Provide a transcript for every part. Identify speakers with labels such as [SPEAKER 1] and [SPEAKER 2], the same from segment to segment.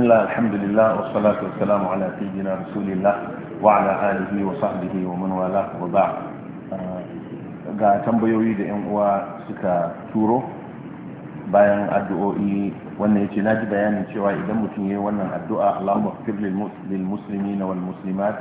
[SPEAKER 1] الله الحمد لله والصلاة والسلام على سيدنا رسول الله وعلى آله وصحبه ومن والاه وبعد ga tambayoyi da yan uwa suka turo bayan addu'o'i wannan yace naji bayanin cewa idan mutum yayi wannan addu'a Allahumma ighfir lil muslimina wal muslimat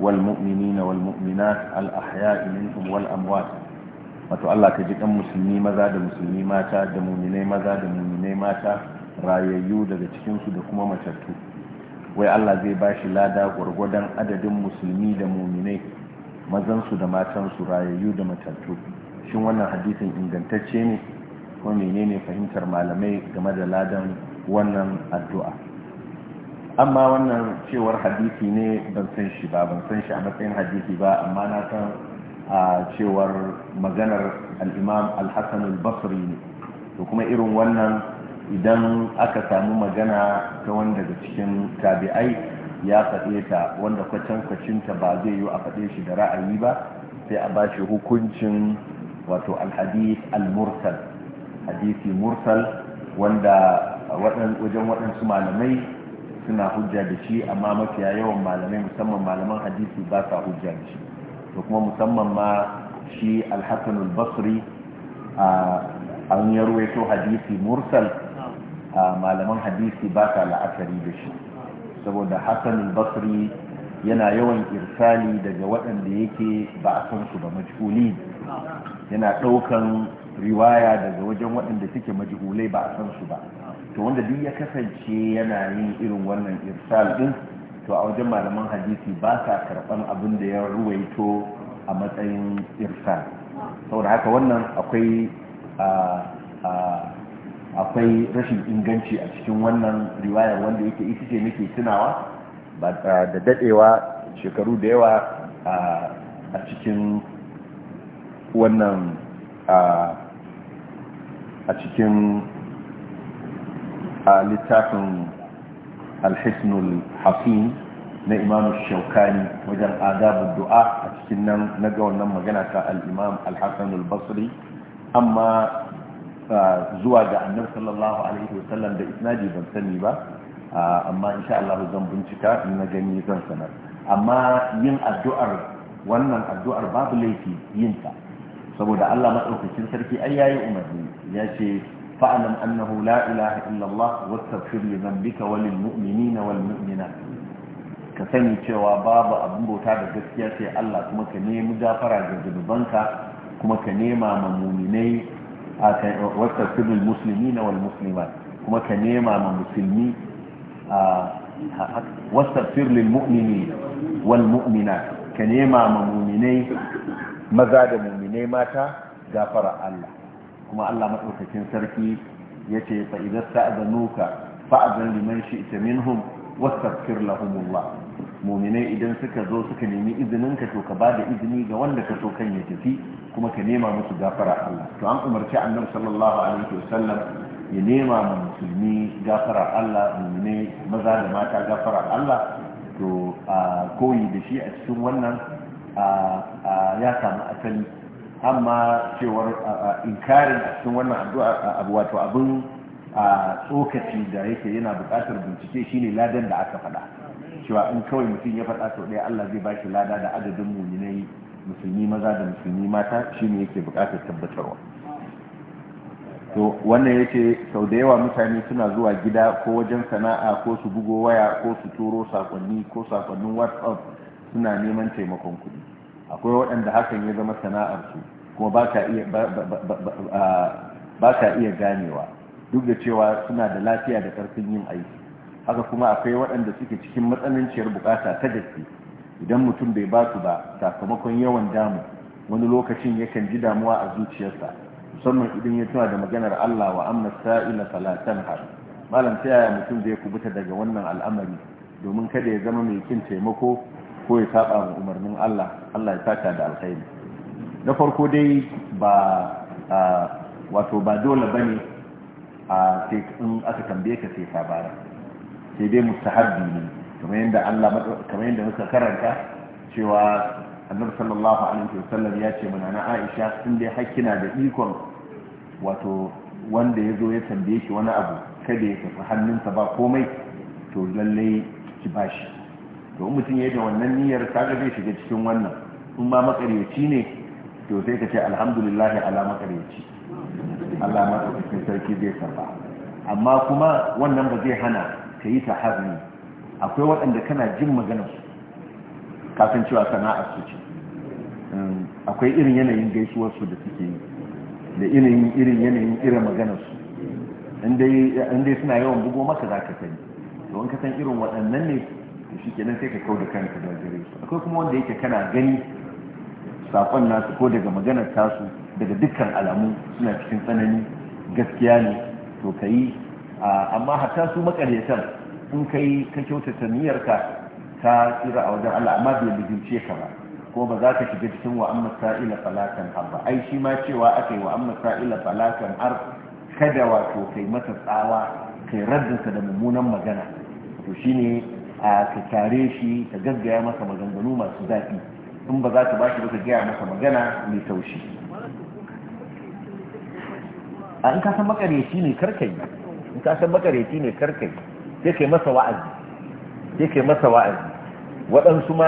[SPEAKER 1] wal mu'minina wal mu'minat al ahya'i minhum wal amwat wato Allah ka ji kan musulmi maza da musulmi mata da mu'minai maza da mu'minai mata rayayyu daga cikinsu da kuma matattu wai Allah zai ba shi lada gwargwadon adadin musulmi da muminai mazansu da matansu rayayyu da matattu shin wannan hadisin ingantacce ne ko menene fahimtar malamai game da ladan wannan addu'a amma wannan cewar hadisi ne ban san shi ba ban san shi a matsayin hadisi ba amma na san a cewar maganar al-imam al hassan al-basri ne to kuma irin wannan idan aka samu magana ta wanda daga cikin tabi'ai ya faɗe ta wanda kwacin ta ba zai yi a faɗe shi da ra'ayi ba sai a ba shi hukuncin wato alhadis al-mursal hadisi mursal wanda wajen waɗansu malamai suna hujja da shi amma mafiya yawan malamai musamman malaman hadisi ba sa hujja da shi to kuma musamman ma shi alhassan al-basri an yarwaito hadisi mursal A malaman hadisi ba ta la'akari da shi saboda hassan basri yana yawan irsali daga waɗanda yake ba a san su ba majhuli yana ɗaukan riwaya daga wajen waɗanda suke majhulai ba a san su ba to wanda duk ya kasance yana yin irin wannan irsal din to a wajen malaman hadisi ba sa karɓan abin da ya ruwaito a matsayin irsal saboda haka wannan akwai akwai rashin inganci a cikin wannan riwayar wanda yake ita ce nake tunawa da dadewa shekaru da yawa a cikin wannan a cikin littafin alhisnul Hafin na imamu shaukani wajen adabu du'a a cikin nan na ga wannan magana ta Al'imam Alhassanul basri amma zuwa ga annabi sallallahu alaihi wasallam da isnadi ban sani ba amma insha Allah zan bincika in na gani zan sanar amma yin addu'ar wannan addu'ar babu laifi yin ta saboda Allah madaukakin sarki ai yayi umarni ya ce fa'alam annahu la ilaha illa Allah wastaghfir li dhanbika wa lil mu'minina wal mu'minat ka sani cewa babu abin bauta da gaskiya sai Allah kuma ka nemi gafara ga zunubanka kuma ka nema ma muminai wata sirrin musulmi na wal musulman kuma ka nema ma musulmi wata firlin mu'mini wal mu'mina ka nema ma muminai maza da muminai mata gafara Allah kuma Allah maɗaukakin sarki ya ce fa idan sa'adanuka fa'adan liman shi'ta minhum wastaghfir lahumullah muminai idan suka zo suka nemi izinin ka to ka ba da izini ga wanda ka so kan ya tafi kuma ka nema musu gafara Allah to an umarci annabi sallallahu alaihi wasallam ya nema ma musulmi gafara Allah mominai maza da mata gafara Allah to a koyi da shi a cikin wannan ya samu asali amma cewar inkarin a cikin wannan addu'a abu wato abin a tsokaci da yake yana buƙatar bincike shine ladan da aka faɗa cewa in kawai mutum ya faɗa sau ɗaya Allah zai baki lada da adadin muminai musulmi maza da musulmi mata shine yake buƙatar tabbatarwa to wannan yace sau da yawa mutane suna zuwa gida ko wajen sana'a ko su bugo waya ko su turo sakonni ko sakonnin whatsapp suna neman taimakon kuɗi akwai waɗanda hakan ya zama sana'arsu kuma ba ka ba ka iya ganewa duk da cewa suna da lafiya da ƙarfin yin aiki haka kuma akwai waɗanda suke cikin matsananciyar bukata ta gaske idan mutum bai ba su ba sakamakon yawan damu wani lokacin yakan ji damuwa a zuciyarsa musamman idan ya tuna da maganar Allah wa amma sa'ila salatan har malam ta yaya mutum zai kubuta daga wannan al'amari domin kada ya zama mai kin taimako ko ya saba wa umarnin Allah Allah ya saka da alkhairi na farko dai ba wato ba dole bane a in aka tambaye ka sai ka bara sai dai mustahabbi ne kamar yadda Allah kamar yadda muka karanta cewa annabi sallallahu alaihi wasallam ya ce mana na Aisha in dai hakkina da ikon wato wanda ya ya tambaye shi wani abu kada ya tafi hannunsa ba komai to lalle ki bashi to in mutum ya da wannan niyyar kaga zai shiga cikin wannan in ma makaryaci ne to sai ka ce alhamdulillah ala makaryaci Allah ma sarki zai karba amma kuma wannan ba zai hana ka yi ta harni akwai waɗanda kana jin maganarsu kafin cewa sana'ar su ce um, akwai irin yanayin gaisuwarsu da suke yi da irin irin yanayin irin maganarsu inda suna yawan bugo maka za ka sani don ka san irin waɗannan ne da shi kenan sai ka kau da kanka da gare su akwai kuma wanda yake kana gani saƙon nasu ko daga maganar tasu daga dukkan alamu suna cikin tsanani gaskiya ne to ka yi amma hatta su makaryatan in kai ka kyautata ka ta tsira a wajen Allah amma bai bijince ka ba ko ba za ka shiga cikin wa amma sa'ila falakan har ai shi ma cewa aka yi wa amma sa'ila falakan har kada wato kai masa tsawa kai raddinsa da mummunan magana to shine a ka tare shi ka gaggaya masa maganganu masu daɗi in ba za ka ba shi ba ka gaya masa magana mai taushi an ka san makaryaci ne karkai in ka san makareci ne karkai sai kai masa wa'azi sai kai masa wa'azi waɗansu ma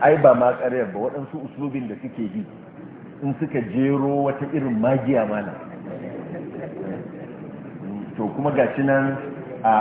[SPEAKER 1] ai ba ma ƙaryar ba waɗansu uslubin da suke bi in suka jero wata irin magiya mana to kuma gashi nan a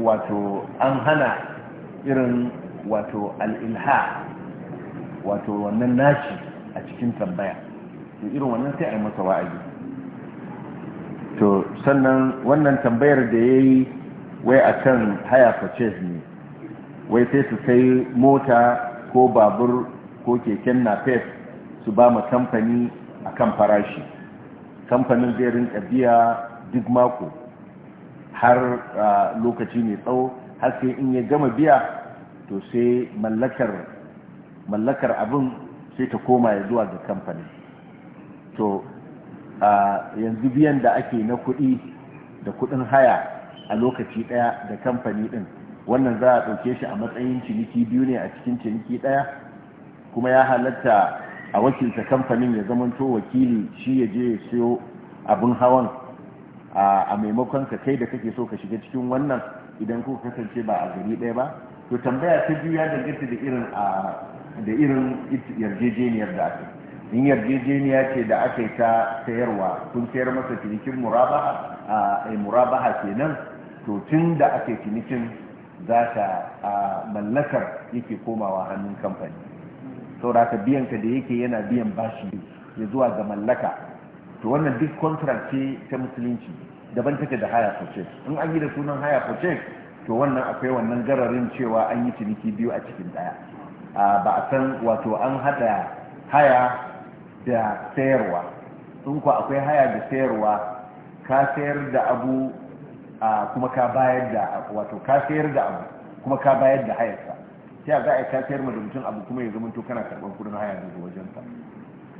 [SPEAKER 1] wato an hana irin wato al'ilha wato wannan nashi a cikin tambaya irin wannan sai a yi masa wa'azi sannan wannan tambayar da ya yi wai a can haya purchase ne wai sai su sai mota ko babur ko keken napep su ba ma kamfani a kan farashi kamfanin zai rinka biya duk mako har lokaci mai tsawo har sai in ya gama biya to sai mallakar abin sai ta koma ya zuwa ga kamfani to yanzu biyan da ake na kuɗi da kuɗin haya a lokaci ɗaya da kamfani ɗin wannan za a ɗauke shi a matsayin ciniki biyu ne a cikin ciniki ɗaya kuma ya halatta a wakilta kamfanin ya zamanto wakili shi ya je ya siyo abin hawan a maimakon ka kai da kake so ka shiga cikin wannan idan kuka kasance ba a gari ɗaya ba to tambaya ta biyu ya danganta da irin yarjejeniyar da aka in yarjejeniya ce da aka yi ta sayarwa tun sayar masa cinikin murabaha a eh, murabaha kenan to tun da aka yi cinikin za ta mallakar yake komawa hannun kamfani biyan biyanka da yake yana biyan bashi ya zuwa ga mallaka to wannan duk contract ce ta musulunci daban take da haya purchase in an yi da sunan haya purchase to wannan akwai wannan gararin cewa an yi ciniki biyu a cikin daya ba a san wato an haɗa haya da sayarwa in ku akwai haya da sayarwa ka sayar da abu kuma ka bayar da wato ka sayar da abu kuma ka bayar da hayarsa sai za a ka sayar ma da mutum abu kuma ya zamanto kana karɓar kudin haya daga wajenta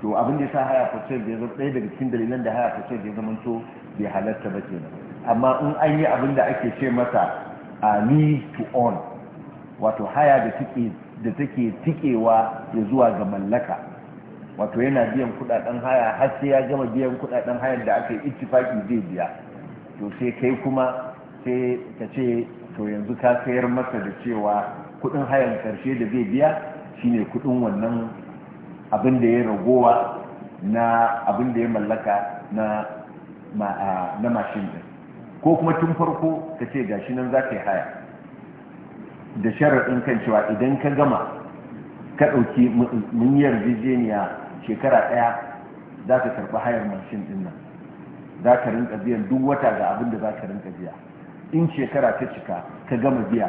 [SPEAKER 1] to abin da ya sa haya fashe da ya zama ɗaya daga cikin dalilan da haya fashe da ya zamanto bai halatta ba ke nan amma in an yi abin da ake ce masa a need to own wato haya da take da take tikewa ya zuwa ga mallaka wato yana biyan kudaden haya har sai ya gama biyan kudaden hayar da aka yi ittifaki zai biya to sai kai kuma sai ka ce to yanzu ka sayar masa da cewa kudin hayan karshe da zai biya shine kudin wannan abin da ya ragowa na abin da ya mallaka na na mashin din ko kuma tun farko ka ce gashi nan za ka yi haya da sharaɗin kan cewa idan ka gama ka ɗauki mun yarjejeniya shekara ɗaya za ka karɓi hayar mashin ɗin nan za ka rinka biyan duk wata ga abin da za ka rinka biya in shekara ta cika ka gama biya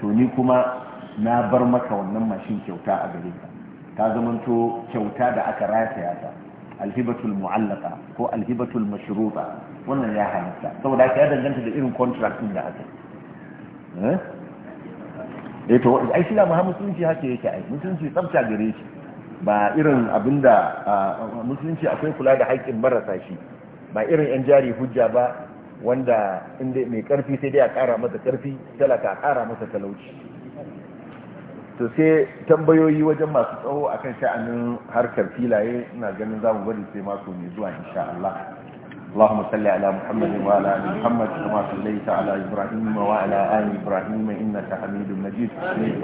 [SPEAKER 1] to ni kuma na bar maka wannan mashin kyauta a gare ka ta zamanto kyauta da aka ya ta alhibatul mu'allaka ko alhibatul mashruta wannan ya halatta saboda ka ya danganta da irin contract din da aka eh? eh to ai shi la muhammad sun ce haka yake ai mutunci tsabta gare shi ba irin abinda musulunci akwai kula da haƙƙin marasa shi ba irin yan jari hujja ba wanda inda mai karfi sai dai a ƙara masa karfi talaka a ƙara masa talauci to sai tambayoyi wajen masu tsawo akan sha'anin harkar filaye ina ganin zamu bari sai mako mai zuwa insha'allah. اللهم صل على محمد وعلى ال محمد كما صليت على ابراهيم وعلى ال ابراهيم انك حميد مجيد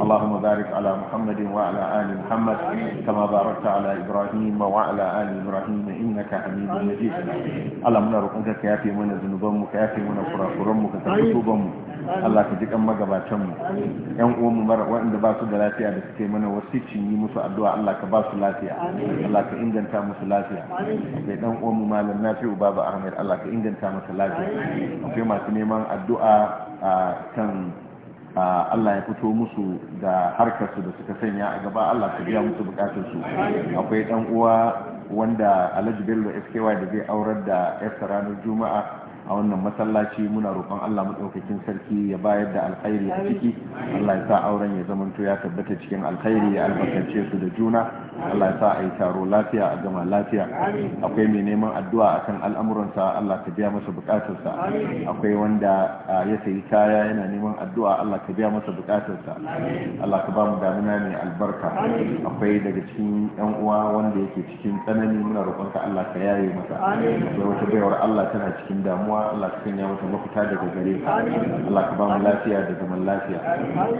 [SPEAKER 1] اللهم بارك على محمد وعلى ال محمد كما باركت على ابراهيم وعلى ال ابراهيم انك حميد مجيد اللهم نرقك كافي من ذنوبنا كافي من كرافرنا كتبتوبنا Allah ka ji kan magabatan mu yan uwan mu mara waɗanda ba su da lafiya da suke mana wasicin yi musu addu'a Allah ka ba su lafiya Allah ka inganta musu lafiya da dan uwan mu malam Nafi'u baba Ahmed Allah ka inganta masa lafiya akwai masu neman addu'a a kan Allah ya fito musu da harkarsu da suka sanya a gaba Allah ka biya musu su akwai dan uwa wanda Alhaji Bello SKY da zai aurar da Esther ranar Juma'a a wannan masallaci muna roƙon Allah maɗaukakin sarki ya bayar da alkhairi a ciki Allah ya sa auren ya zamanto ya tabbata cikin alkhairi ya albarkace su da juna Allah ya sa a yi taro lafiya a gama lafiya akwai mai neman addu'a akan al'amuransa Allah ka biya masa bukatarsa akwai wanda ya sayi kaya yana neman addu'a Allah ka biya masa bukatarsa Allah ka ba mu damuna mai albarka akwai daga cikin yan uwa wanda yake cikin tsanani muna ka. Allah ka yaye masa akwai wata baiwar Allah tana cikin damuwa Allah ka sanya mata mafita daga gare ka Allah ka ba mu lafiya da zaman lafiya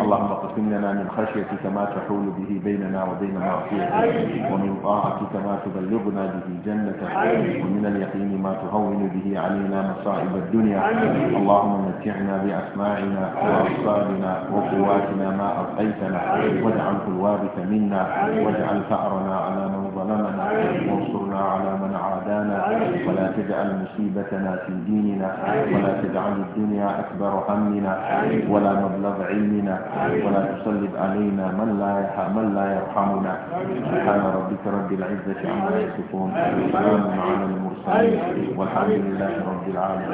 [SPEAKER 1] Allahumma qasim lana min khashyatika ma tahulu bihi bainana wa bain ma'siyatik ومن طاعتك ما تبلغنا به جنتك ومن اليقين ما تهون به علينا مصائب الدنيا اللهم متعنا بأسماعنا وأبصارنا وقواتنا ما أبقيتنا واجعله الوارث منا واجعل ثأرنا على من ظلمنا وانصرنا على من عادانا ولا تجعل مصيبتنا في ديننا ولا تجعل الدنيا أكبر همنا ولا مبلغ علمنا ولا تسلط علينا من لا من لا يرحمنا سبحان ربك رب العزة عما يصفون وسلام على المرسلين والحمد لله رب العالمين